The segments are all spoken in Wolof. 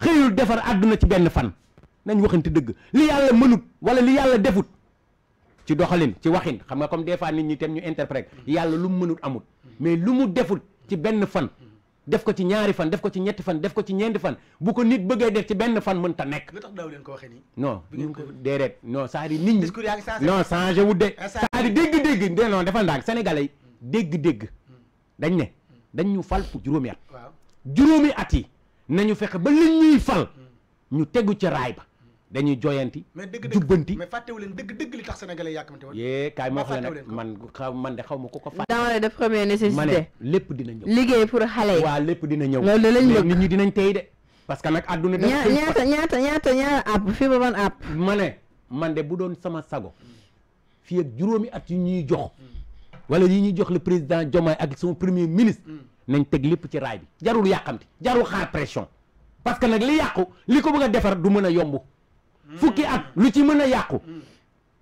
xëyul defar àdduna ci benn fan nañ waxante dëgg li yàlla mënut wala li yàlla defut ci doxalin ci waxin xam nga comme des fois nit ñi tam ñu interprète yàlla lu mu mënut amut mais lu mu defut ci benn fan def ko ci ñaari fan def ko ci ñetti fan def ko ci ñeenti fan bu ko nit bëggee def ci benn fan mën ta nekk. lu tax daaw leen ko waxee nii. non ñu ko déedéet non c'est-à-dire nit ñi. discours yaa ngi changé wu de. Ah, c'est-à-dire dégg-dégg non defal ndànk sénégalais yi dégg-dégg hmm. dañ ne dañ ñu fal pour juróomi at. juróomi at yi. nañu fexe ba li ñuy fal ñu tegu ca raay ba dañuy joyanti. mais dëgg dëgg jubbanti mais fàttewu leen dëgg dëgg li tax sénégalais yi yàkkamte woon. yee kaay ma wax nag man xaw man de xaw ma ko ko fàtte. denrée de première nécessité ma lépp dina ñëw. liggéey pour xale yi waaw lépp dina ñëw. loolu lañ bëgg nit ñi dinañ tey de. parce que nag àdduna. ñaata ñaata ñaata ñaata ñaata app fii ba ban app. ma ne man de bu doon sama sago fii ak juróomi at yu ñuy jox. Mm. wala yi ñuy jox le président Diomaye ak son premier ministre. Mm. nañ teg lépp ci raay bi jarul yàqamti jarul xaar pression parce que nag li yàqu li ko bëgg a defar du mën a yomb fukki ak lu ci mën a yàqu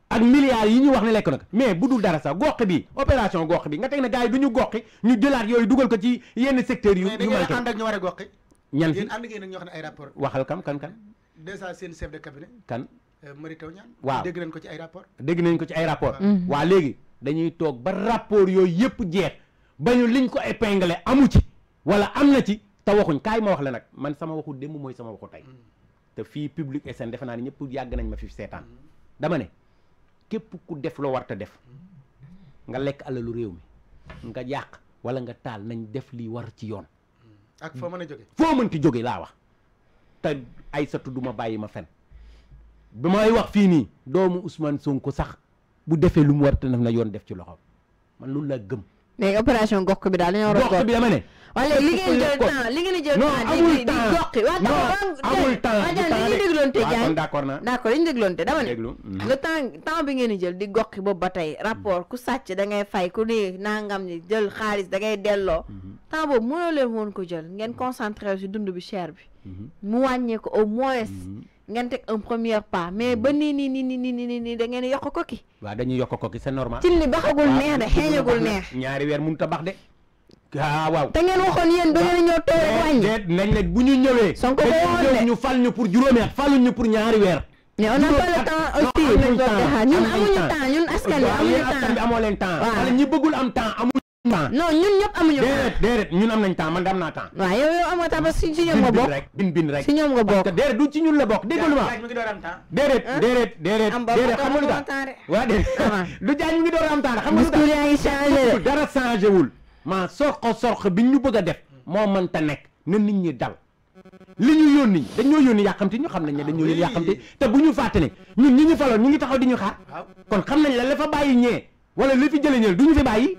ak milliards yi ñu wax ne lekk nag mais bu dul dara sax gox bi opération gox bi nga teg ne gars yi du ñu goxi ñu jëlaat yooyu dugal ko ci yenn secteurs yu ñu mën a ànd war a goxi ñan fi ànd ngeen ak ñoo xam ne ay rapport waxal kam kan kan déjà seen chef de cabinet kan euh, Mary Teuw Niane waaw dégg nañ ko ci ay rapport dégg nañ ko ci ay rapport mm. waa léegi dañuy toog ba rapport yooyu yëpp jeex bañu liñ ko épinglé amu ci wala am na ci te waxuñ ma wax la man sama waxu démb mooy sama waxu tey te fii public SN defe naa ne ñëpp yàgg nañ ma fi dama ne képp ku def lo warta def nga lekk alalu réew mi nga yàq wala nga taal nañ def li war ci yoon. ak fo mën a jóge mënti jóge laa wax te ay sa tudduma bàyyi ma fen bi may wax fii nii doomu Ousmane Sonko sax bu defee lu mu war def na yoon def ci man gëm. léegi opération gox bi daal dañoo war li ngeen di di gox yi. non amul temps waaw na d'accord li ñu dégloonte dama ne. Mhm. le temps bi ngeen di jël di gox boobu ba tey rapport ku sàcc dangay ngay fay ku ni nangam ni jël xaalis dangay delloo. Mhm. temps boobu mënoo leen woon ko jël ngeen concentré si dund bi cher bi. Mhm. mu wàññee ko au moins. ngeen teg un premier pas mais hmm. ba ni ni ni ni ni ni da ngeen yokko ko ki. waaw dañuy koki ko ki c'est normal. ci li baxagul neex de heñagul neex. ñaari weer muñ a bax de. ah waaw da ngeen waxon yeen do ngeen ñoo toog wañ déet nañ ne bu ñu ñëwee. ko woon ñu fal ñu pour juróomi at ñu pour ñaari weer. mais on n'a pas le temps aussi. ñun amuñu temps ñun askan amuñu temps. waaw yéen temps. ñi bëggul am temps amuñu. temps non ñun ñëpp amuñu déedéet déedéet ñun am nañ temps man de am naa temps waaw yow yow si ñoom nga bokk bin bin rek si ñoom nga bokk déedéet du ci ñun la bokk déglu ma déedéet déedéet déedéet déedéet xam nga lu du jaay ñu ngi door am temps xam nga dara changé wul maa sorko sorko bi ñu bëgg a def man mënta nekk na nit ñi dal li ñu yónni dañoo yónni yàqamti ñu xam nañ ne dañoo yónni te bu ñu fàtte ne ñi ñu faloon ñu ngi taxaw di ñu xaar kon xam nañ la la fa bàyyi ñee wala li fi jëlee ñeel du ñu fi bàyyi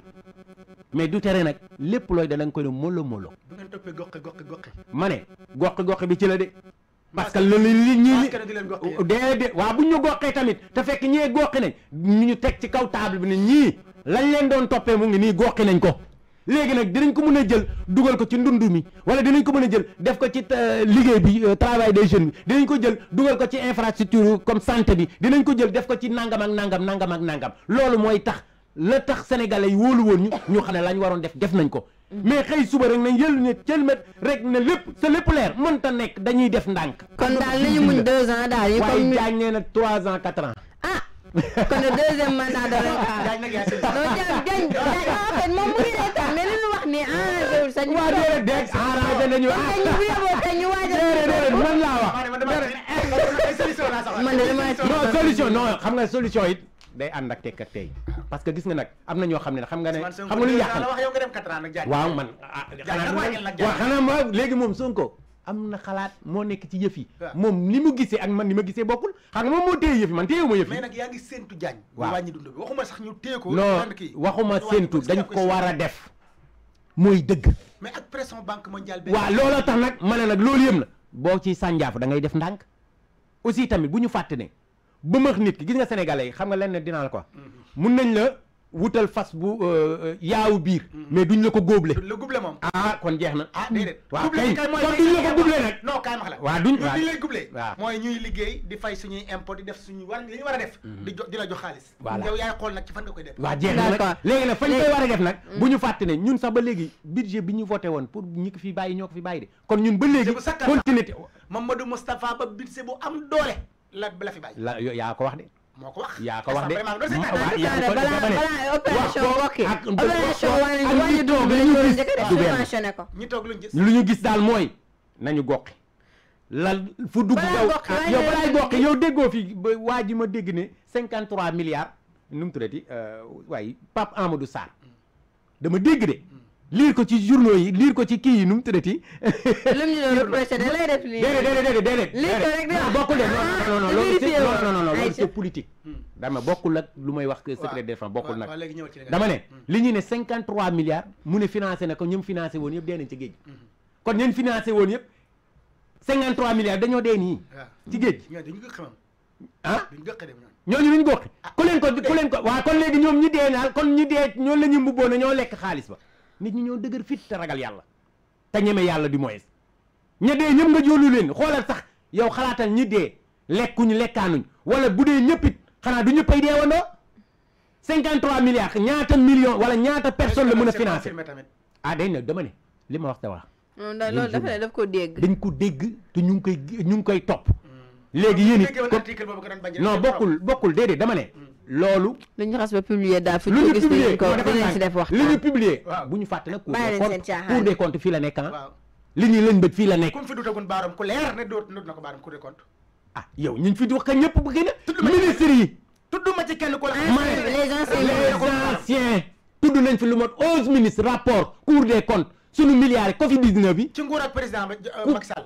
mais du tere nag lépp looy da nga koy ne molo molo. bu ngeen toppee gox gox gox. ma ne gox gox bi ci la de. parce que loolu li ñuy déedéet waaw bu ñu goxee tamit te fekk ñee goxi nañ ñu ñu teg ci kaw table bi ne ñii lañ leen doon toppee mu ngi nii goxi nañ ko léegi nag dinañ ko mën a jël dugal ko ci ndundu mi wala dinañ ko mën a jël def ko ci euh, liggéey bi euh, travail des jeunes bi dinañ ko jël dugal ko ci infrastructure comme santé bi dinañ ko jël def ko ci nangam ak nangam nangam nangam loolu mooy tax la tax sénégalais yi wóolu woon ñu xam ne la waroon def def nañ ko mm-hmm. mais xëy suba rek nañ yëlu ne cëlmet rek na lépp sa lépp leer mënta nekk dañuy def ndànk kon daal nañu muñ deux trois ans quatre ans ah kon le deuxième mandat da lañ xaar non mu ñu wax ni enragé wul sañ ñu wax man de damay solution non xam nga solution it day ànd ak tekk tey parce que gis nga nag am na ñoo xam ne xam nga ne xam nga lu yàqal waaw man ah, waaw xanaa ma léegi moom Sonko am na xalaat moo nekk ci yëf yi moom li mu gisee ak man li ma gisee bokkul xam nga moo téye yëf yi man téyewu ma yaa ngi séentu jaañ waaw wàññi dund bi waxuma sax ñu téye ko non dañ ko war a def mooy dëgg mais ak pression banque mondiale waaw looloo tax nag ma ne nag loolu yëm na boo ci sànjaafu da ngay def ndànk aussi tamit bu ñu fàtte ne ba max nit ki gis nga sénégalais yi xam nga lenn dinaa la ko mun nañ la wutal fas bu euh, euh, yaawu biir mais duñ la ko góoble duñ la góoble moom ah kon jeex na ah déedéet waaw kay kon duñ la ko nag la waaw duñ duñ lay góoble mooy ñuy liggéey di fay suñuy impôt def suñu war li war a def mm-hmm. di di la jox xaalis voilà yow yaay xool nag ci fan nga def waaw jeex na nag léegi nag fañ koy war a def nag mm-hmm. bu ñu fàtte ne ñun sax ba léegi budget bi ñu voté woon pour ñu ko fi bàyyi ñoo ko fi bàyyi de kon ñun ba léegi continuité Mamadou Moustapha ba se bu am doole la la fi yaa ko wax de. moo ko wax yaa ko wax de. balaa ñu toog lu ñu gis. lu ñu gis daal mooy nañu goqi la fu dugg yow yow balaay goqi yow déggoo fi waa ji ma dégg ne cinquante trois milliards nu mu di euh, waaye Pape du Sarr dama dégg liir ko ci journaux yi liir ko ci kii yi nu mu tuddati. lu mu def lii. déedéet déedéet déedéet. liir ko rek de ah bokkul de non non non loolu c'est non hmm. dama bokkul ak lu may wax secret défense bokkul nag. dama ne hmm. li ñu cinquante 53 milliards mu ne financé na ko ñoom financé woon yëpp dee nañ ci géej. Hmm. kon ñeen financé woon yëpp 53 milliards dañoo dee nii. ci géej. ah ñooñu duñ gox ah. ku leen ko ku leen ko waaw kon léegi ñoom ñi dee naal kon ñi dee ñoo la ñu mbubboon ñoo lekk xaalis ba nit ñi ñoo dëgër fit te ragal yàlla te ñeme yàlla du moins ña dee ñëpp nga jóolu leen xoolal sax yow xalaatal ñi dee lekkuñu lekkaanuñ wala bu dee ñëpp it xanaa du ñëppay deewandoo 53 milliards ñaata million wala ñaata personne la mën a financé ah day ne dama ne li ma wax te wax. loolu dafa ne daf ko dégg. dañ ko dégg te ñu ngi koy ñu ngi koy topp. Hmm. léegi yéen it non bokkul bokkul déedéet dama ne. lolu lu ñu ba publier da fu ñu gis ne ko dinañ ci def wax liñu ñu publier waaw bu ñu fàtte nag. pour des comptes fi la nek ah. liñu ñuy beut fi la nek comme fi dutagoon baram ku leer ne doot na ko baaram cour des comptes. ah yow ñu fi di wax ka ñëpp bu gene a. ministre yi. tudduma ci kenn ko la. les anciens tudd nañ fi lu mot 11 ministres rapport cour des comptes suñu milliards Covid 19 bi. ci nguur ak président Macky Sall.